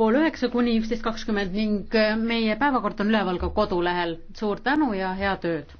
pool üheksa kuni üksteist kakskümmend ning meie päevakord on üleval ka kodulehel. suur tänu ja head ööd!